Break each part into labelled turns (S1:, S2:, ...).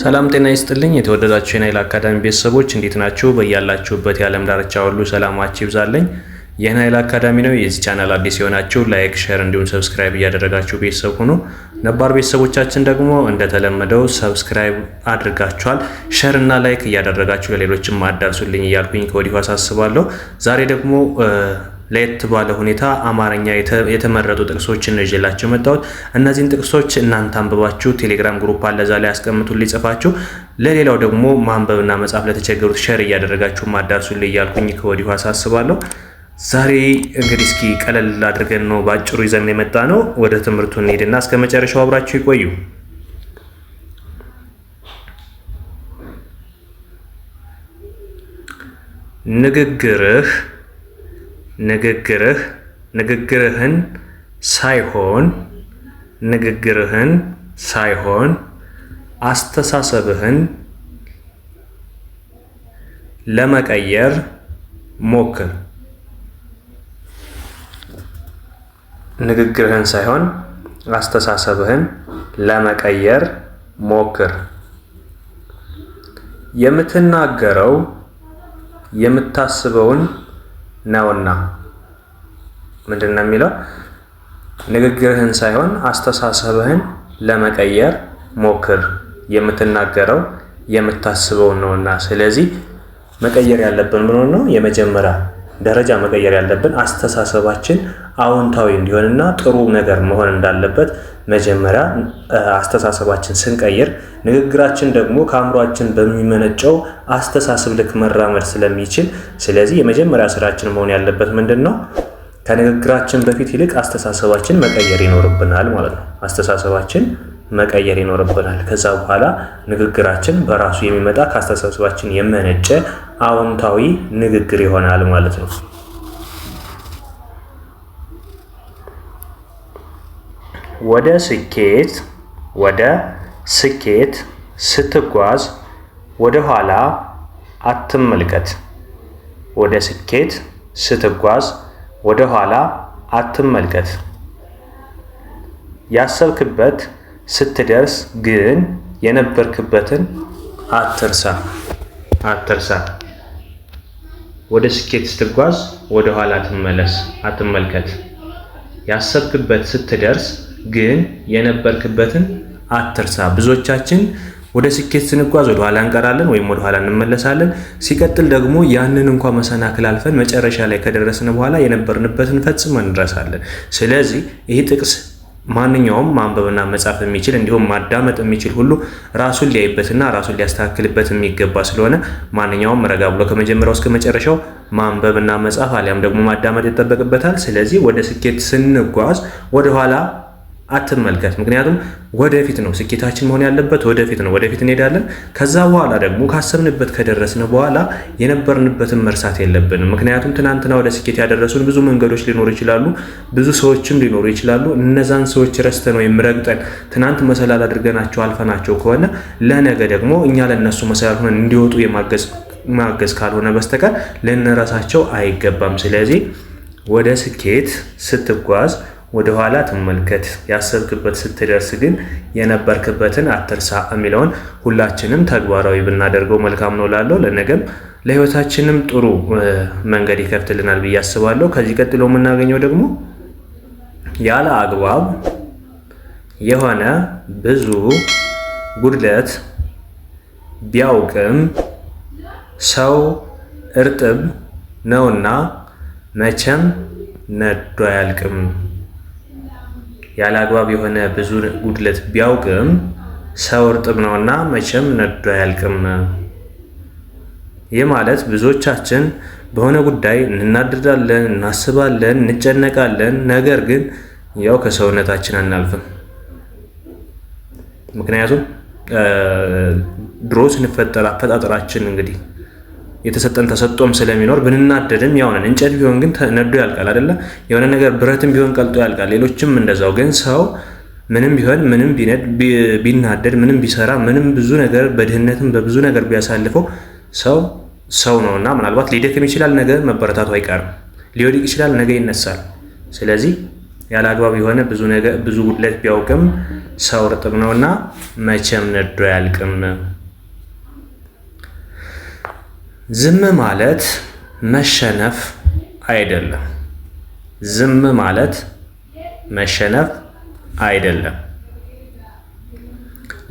S1: ሰላም ጤና ይስጥልኝ። የተወደዳችሁ የናይል አካዳሚ ቤተሰቦች እንዴት ናችሁ? በያላችሁበት የዓለም ዳርቻ ሁሉ ሰላማችሁ ይብዛልኝ። ይህ ናይል አካዳሚ ነው። የዚህ ቻናል አዲስ የሆናችሁ ላይክ፣ ሼር እንዲሁም ሰብስክራይብ እያደረጋችሁ ቤተሰብ ሁኑ። ነባር ቤተሰቦቻችን ደግሞ እንደተለመደው ሰብስክራይብ አድርጋችኋል፣ ሼር እና ላይክ እያደረጋችሁ ለሌሎችም አዳርሱልኝ እያልኩኝ ከወዲሁ አሳስባለሁ። ዛሬ ደግሞ ለየት ባለ ሁኔታ አማርኛ የተመረጡ ጥቅሶችን ነው ይዤላቸው እነዚህን ጥቅሶች እናንተ አንብባችሁ ቴሌግራም ግሩፕ አለ እዛ ላይ ያስቀምጡልኝ ጽፋችሁ፣ ለሌላው ደግሞ ማንበብና መጻፍ ለተቸገሩት ሸር እያደረጋችሁ ማዳርሱል እያልኩኝ ከወዲሁ አሳስባለሁ። ዛሬ እንግዲህ እስኪ ቀለል አድርገን ነው በአጭሩ ይዘን የመጣ ነው። ወደ ትምህርቱ እንሄድና እስከ መጨረሻው አብራችሁ ይቆዩ። ንግግርህ ንግግርህ ንግግርህን ሳይሆን ንግግርህን ሳይሆን አስተሳሰብህን ለመቀየር ሞክር። ንግግርህን ሳይሆን አስተሳሰብህን ለመቀየር ሞክር። የምትናገረው የምታስበውን ነውና ምንድን ነው የሚለው ንግግርህን ሳይሆን አስተሳሰብህን ለመቀየር ሞክር። የምትናገረው የምታስበውን ነውና። ስለዚህ መቀየር ያለብን ምን ነው? የመጀመሪያ ደረጃ መቀየር ያለብን አስተሳሰባችን አዎንታዊ እንዲሆንና ጥሩ ነገር መሆን እንዳለበት መጀመሪያ አስተሳሰባችን ስንቀይር፣ ንግግራችን ደግሞ ከአእምሯችን በሚመነጨው አስተሳሰብ ልክ መራመድ ስለሚችል፣ ስለዚህ የመጀመሪያ ስራችን መሆን ያለበት ምንድን ነው? ከንግግራችን በፊት ይልቅ አስተሳሰባችን መቀየር ይኖርብናል ማለት ነው። አስተሳሰባችን መቀየር ይኖርብናል። ከዛ በኋላ ንግግራችን በራሱ የሚመጣ ከአስተሳሰባችን የመነጨ አዎንታዊ ንግግር ይሆናል ማለት ነው። ወደ ስኬት ወደ ስኬት ስትጓዝ ወደ ኋላ አትመልከት። ወደ ስኬት ስትጓዝ ወደ ኋላ አትመልከት። ያሰብክበት ስትደርስ ግን የነበርክበትን አትርሳ አትርሳ። ወደ ስኬት ስትጓዝ ወደ ኋላ አትመለስ፣ አትመልከት። ያሰብክበት ስትደርስ ግን የነበርክበትን አትርሳ። ብዙዎቻችን ወደ ስኬት ስንጓዝ ወደ ኋላ እንቀራለን ወይም ወደ ኋላ እንመለሳለን። ሲቀጥል ደግሞ ያንን እንኳ መሰናክል አልፈን መጨረሻ ላይ ከደረስን በኋላ የነበርንበትን ፈጽመን እንረሳለን። ስለዚህ ይህ ጥቅስ ማንኛውም ማንበብና መጻፍ የሚችል እንዲሁም ማዳመጥ የሚችል ሁሉ ራሱን ሊያይበትና ራሱን ሊያስተካክልበት የሚገባ ስለሆነ ማንኛውም ረጋ ብሎ ከመጀመሪያው እስከ መጨረሻው ማንበብና መጻፍ አሊያም ደግሞ ማዳመጥ ይጠበቅበታል። ስለዚህ ወደ ስኬት ስንጓዝ ወደኋላ አትመልከት። ምክንያቱም ወደፊት ነው ስኬታችን መሆን ያለበት፣ ወደፊት ነው። ወደፊት እንሄዳለን። ከዛ በኋላ ደግሞ ካሰብንበት ከደረስን በኋላ የነበርንበትን መርሳት የለብንም። ምክንያቱም ትናንትና ወደ ስኬት ያደረሱን ብዙ መንገዶች ሊኖሩ ይችላሉ፣ ብዙ ሰዎችም ሊኖሩ ይችላሉ። እነዛን ሰዎች ረስተን ወይም ረግጠን ትናንት መሰላል አድርገናቸው አልፈናቸው ከሆነ ለነገ ደግሞ እኛ ለእነሱ መሰላል ሆነን እንዲወጡ የማገዝ ማገዝ ካልሆነ በስተቀር ልንረሳቸው አይገባም። ስለዚህ ወደ ስኬት ስትጓዝ ወደ ኋላ ትመልከት፣ ያሰብክበት ስትደርስ ግን የነበርክበትን አትርሳ የሚለውን ሁላችንም ተግባራዊ ብናደርገው መልካም ነው ላለው ለነገም ለህይወታችንም ጥሩ መንገድ ይከፍትልናል ብዬ አስባለሁ። ከዚህ ቀጥሎ የምናገኘው ደግሞ ያለ አግባብ የሆነ ብዙ ጉድለት ቢያውቅም ሰው እርጥብ ነውና መቼም ነዶ አያልቅም። ያለ አግባብ የሆነ ብዙ ጉድለት ቢያውቅም ሰው እርጥብ ነውና መቼም ነዶ አያልቅም። ይህ ማለት ብዙዎቻችን በሆነ ጉዳይ እንናደዳለን፣ እናስባለን፣ እንጨነቃለን። ነገር ግን ያው ከሰውነታችን አናልፍም። ምክንያቱም ድሮ ስንፈጠር አፈጣጠራችን እንግዲህ የተሰጠን ተሰጦም ስለሚኖር ብንናደድም ያውነን እንጨት ቢሆን ግን ነዶ ያልቃል አይደለ? የሆነ ነገር ብረትም ቢሆን ቀልጦ ያልቃል። ሌሎችም እንደዛው። ግን ሰው ምንም ቢሆን ምንም ቢነድ ቢናደድ ምንም ቢሰራ ምንም ብዙ ነገር በድህነትም በብዙ ነገር ቢያሳልፈው ሰው ሰው ነው እና ምናልባት ሊደክም ይችላል። ነገ መበረታቱ አይቀርም። ሊወድቅ ይችላል። ነገ ይነሳል። ስለዚህ ያለ አግባብ የሆነ ብዙ ጉድለት ቢያውቅም ሰው እርጥብ ነው እና መቼም ነዶ አያልቅም። ዝም ማለት መሸነፍ አይደለም። ዝም ማለት መሸነፍ አይደለም።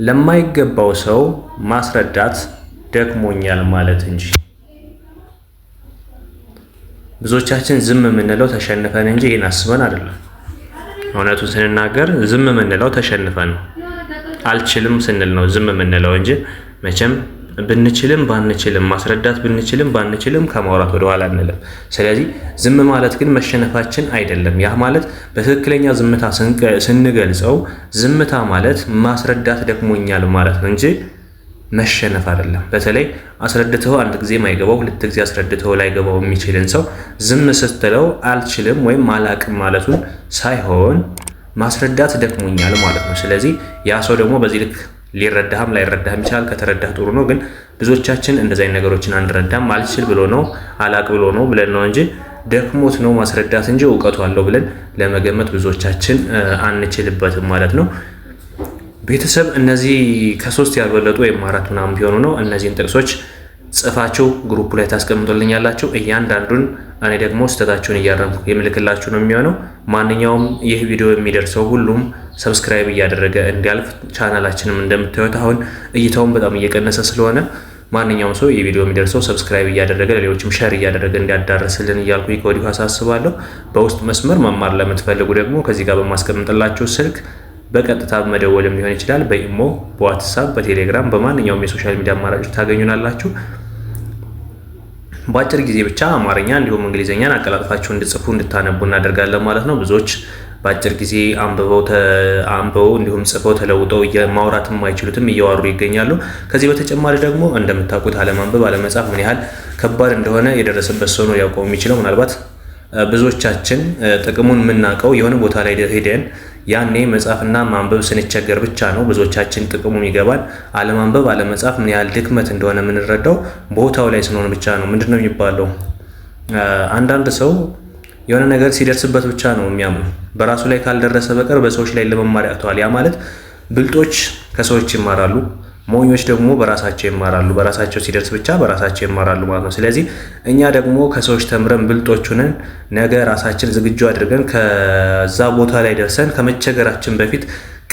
S1: ለማይገባው ሰው ማስረዳት ደክሞኛል ማለት እንጂ። ብዙዎቻችን ዝም የምንለው ተሸንፈን እንጂ ይህን አስበን አይደለም። እውነቱን ስንናገር ዝም የምንለው ተሸንፈን ነው። አልችልም ስንል ነው ዝም የምንለው እንጂ መቼም ብንችልም ባንችልም ማስረዳት ብንችልም ባንችልም ከማውራት ወደኋላ አንልም። ስለዚህ ዝም ማለት ግን መሸነፋችን አይደለም። ያ ማለት በትክክለኛ ዝምታ ስንገልጸው ዝምታ ማለት ማስረዳት ደክሞኛል ማለት ነው እንጂ መሸነፍ አይደለም። በተለይ አስረድተው አንድ ጊዜ ማይገባው ሁለት ጊዜ አስረድተው ላይገባው የሚችልን ሰው ዝም ስትለው አልችልም ወይም አላቅም ማለቱን ሳይሆን ማስረዳት ደክሞኛል ማለት ነው። ስለዚህ ያ ሰው ደግሞ በዚህ ልክ ሊረዳህም ላይረዳህም ይችላል። ከተረዳህ ጥሩ ነው። ግን ብዙዎቻችን እንደዚህ አይነት ነገሮችን አንረዳም። አልችል ብሎ ነው አላቅ ብሎ ነው ብለን ነው እንጂ ደክሞት ነው ማስረዳት እንጂ እውቀቱ አለው ብለን ለመገመት ብዙዎቻችን አንችልበትም ማለት ነው። ቤተሰብ እነዚህ ከሶስት ያልበለጡ ወይም አራት ምናምን ቢሆኑ ነው እነዚህን ጥቅሶች ጽፋችሁ ግሩፕ ላይ ታስቀምጡልኛላችሁ። እያንዳንዱን እኔ ደግሞ ስህተታችሁን እያረምኩ የምልክላችሁ ነው የሚሆነው። ማንኛውም ይህ ቪዲዮ የሚደርሰው ሁሉም ሰብስክራይብ እያደረገ እንዲያልፍ፣ ቻናላችንም እንደምታዩት አሁን እይታውን በጣም እየቀነሰ ስለሆነ ማንኛውም ሰው ይህ ቪዲዮ የሚደርሰው ሰብስክራይብ እያደረገ ለሌሎችም ሸር እያደረገ እንዲያዳርስልን እያልኩ ከወዲሁ አሳስባለሁ። በውስጥ መስመር መማር ለምትፈልጉ ደግሞ ከዚህ ጋር በማስቀምጥላችሁ ስልክ በቀጥታ መደወልም ሊሆን ይችላል። በኢሞ፣ በዋትሳፕ፣ በቴሌግራም በማንኛውም የሶሻል ሚዲያ አማራጮች ታገኙናላችሁ። በአጭር ጊዜ ብቻ አማርኛ እንዲሁም እንግሊዝኛን አቀላጥፋችሁ እንድጽፉ እንድታነቡ እናደርጋለን ማለት ነው። ብዙዎች በአጭር ጊዜ አንብበው እንዲሁም ጽፈው ተለውጠው ማውራት የማይችሉትም እየዋሩ ይገኛሉ። ከዚህ በተጨማሪ ደግሞ እንደምታውቁት አለማንበብ አለመጻፍ ምን ያህል ከባድ እንደሆነ የደረሰበት ሰው ነው ሊያውቀው የሚችለው። ምናልባት ብዙዎቻችን ጥቅሙን የምናውቀው የሆነ ቦታ ላይ ሄደን ያኔ መጻፍና ማንበብ ስንቸገር ብቻ ነው ብዙዎቻችን ጥቅሙ ይገባል። አለማንበብ አለመጻፍ ምን ያህል ድክመት እንደሆነ የምንረዳው ቦታው ላይ ስንሆን ብቻ ነው። ምንድን ነው የሚባለው? አንዳንድ ሰው የሆነ ነገር ሲደርስበት ብቻ ነው የሚያምኑ። በራሱ ላይ ካልደረሰ በቀር በሰዎች ላይ ለመማር ያቅተዋል። ያ ማለት ብልጦች ከሰዎች ይማራሉ ሞኞች ደግሞ በራሳቸው ይማራሉ። በራሳቸው ሲደርስ ብቻ በራሳቸው ይማራሉ ማለት ነው። ስለዚህ እኛ ደግሞ ከሰዎች ተምረን ብልጦቹንን ነገ ራሳችን ዝግጁ አድርገን ከዛ ቦታ ላይ ደርሰን ከመቸገራችን በፊት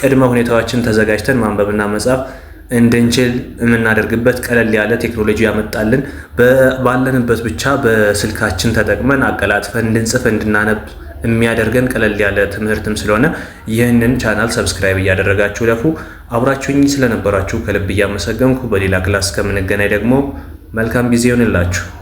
S1: ቅድመ ሁኔታዎችን ተዘጋጅተን ማንበብና መጻፍ እንድንችል የምናደርግበት ቀለል ያለ ቴክኖሎጂ ያመጣልን ባለንበት ብቻ በስልካችን ተጠቅመን አቀላጥፈን እንድንጽፍ እንድናነብ የሚያደርገን ቀለል ያለ ትምህርትም ስለሆነ ይህንን ቻናል ሰብስክራይብ እያደረጋችሁ ለፉ። አብራችሁኝ ስለነበራችሁ ከልብ እያመሰገንኩ በሌላ ክላስ ከምንገናኝ ደግሞ መልካም ጊዜ ይሆንላችሁ።